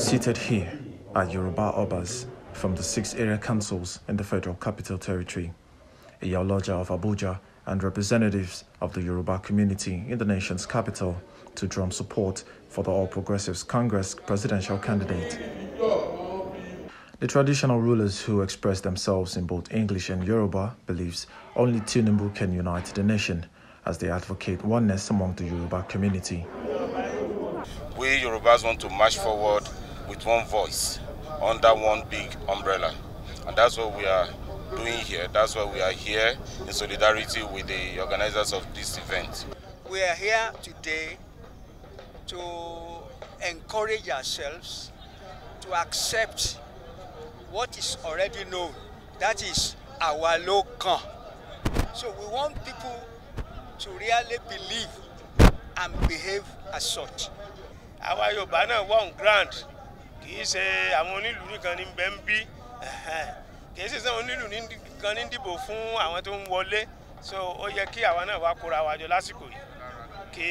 Seated here are Yoruba Obas from the six area councils in the Federal Capital Territory, a of Abuja, and representatives of the Yoruba community in the nation's capital to drum support for the All Progressives Congress presidential candidate. The traditional rulers who express themselves in both English and Yoruba believes only Tinubu can unite the nation as they advocate oneness among the Yoruba community. We Yorubas want to march forward with one voice under one big umbrella. And that's what we are doing here. That's why we are here in solidarity with the organizers of this event. We are here today to encourage ourselves to accept what is already known. That is our local. So we want people to really believe and behave as such. Our Yorùbá náà grant kì í ṣe àwọn onílù nìkan ní bẹ́ẹ̀ ń bí kì í ṣe sẹ́wọ̀n onílù nìkan ní dìbò fún àwọn tó ń wọlé so ó yẹ kí àwa náà wá kóra wa lásìkò yìí kí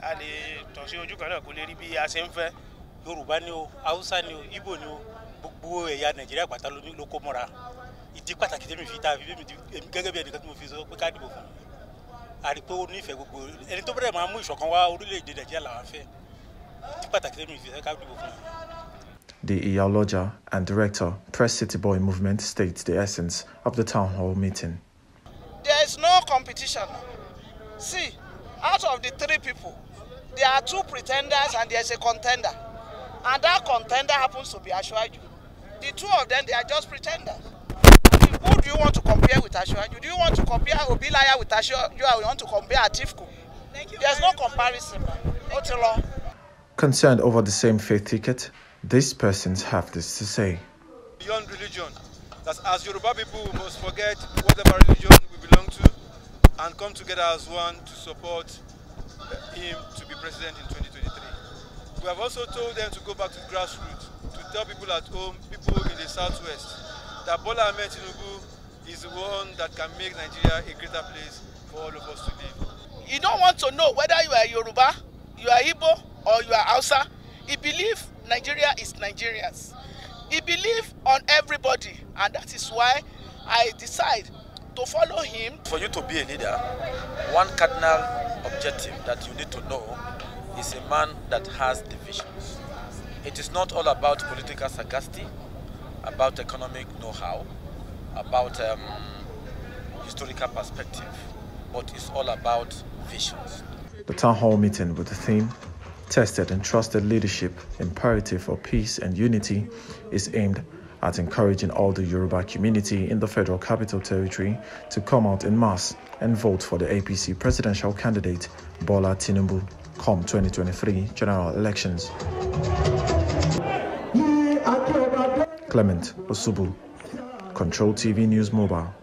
a lè tọ̀ sí ojú kan náà kó lè rí bí a ṣe ń fẹ́. Yorùbá ni o Haúsá ni o Ìgbò ni o gbogbo ẹ̀yà Nàìjíríà pátá ló kó mọ́ra ìdí pàtàkì tẹ́mi fi ta èmi gẹ́gẹ́ bí ẹnìkan tí mo fi sọ pé ká dìbò fún àrí pé ó nífẹ̀ẹ́ gbogbo ẹni tó bẹ̀rẹ̀ máa mú ìṣọ̀kan wá orílẹ̀-èdè Nàìjíríà làwọn fẹ́ ìdí pàtàkì tẹ́mi fi sọ ká dìbò fún the Iyaloja and director, Press City Boy Movement states the essence of the town hall meeting. There is no competition. See, out of the three people, there are two pretenders and there's a contender. And that contender happens to be Ashwaju. The two of them, they are just pretenders. Who do you want to compare with Ashwaju? Do you want to compare Obilaya with Ashwaju you want to compare Atifku? There's no comparison. Concerned over the same faith ticket, These persons have this to say. Beyond religion, that as Yoruba people, we must forget whatever religion we belong to and come together as one to support him to be president in 2023. We have also told them to go back to grassroots, to tell people at home, people in the southwest, that Bola Ahmed Tinubu is the one that can make Nigeria a greater place for all of us to live. You don't want to know whether you are Yoruba, you are Igbo, or you are Hausa. He believes Nigeria is Nigerians. He believes on everybody, and that is why I decide to follow him. For you to be a leader, one cardinal objective that you need to know is a man that has the visions. It is not all about political sagacity, about economic know-how, about um, historical perspective, but it's all about visions. The town hall meeting with the theme tested and trusted leadership imperative for peace and unity is aimed at encouraging all the Yoruba community in the Federal Capital Territory to come out in mass and vote for the APC presidential candidate Bola Tinubu come 2023 general elections. Clement Osubu, Control TV News Mobile.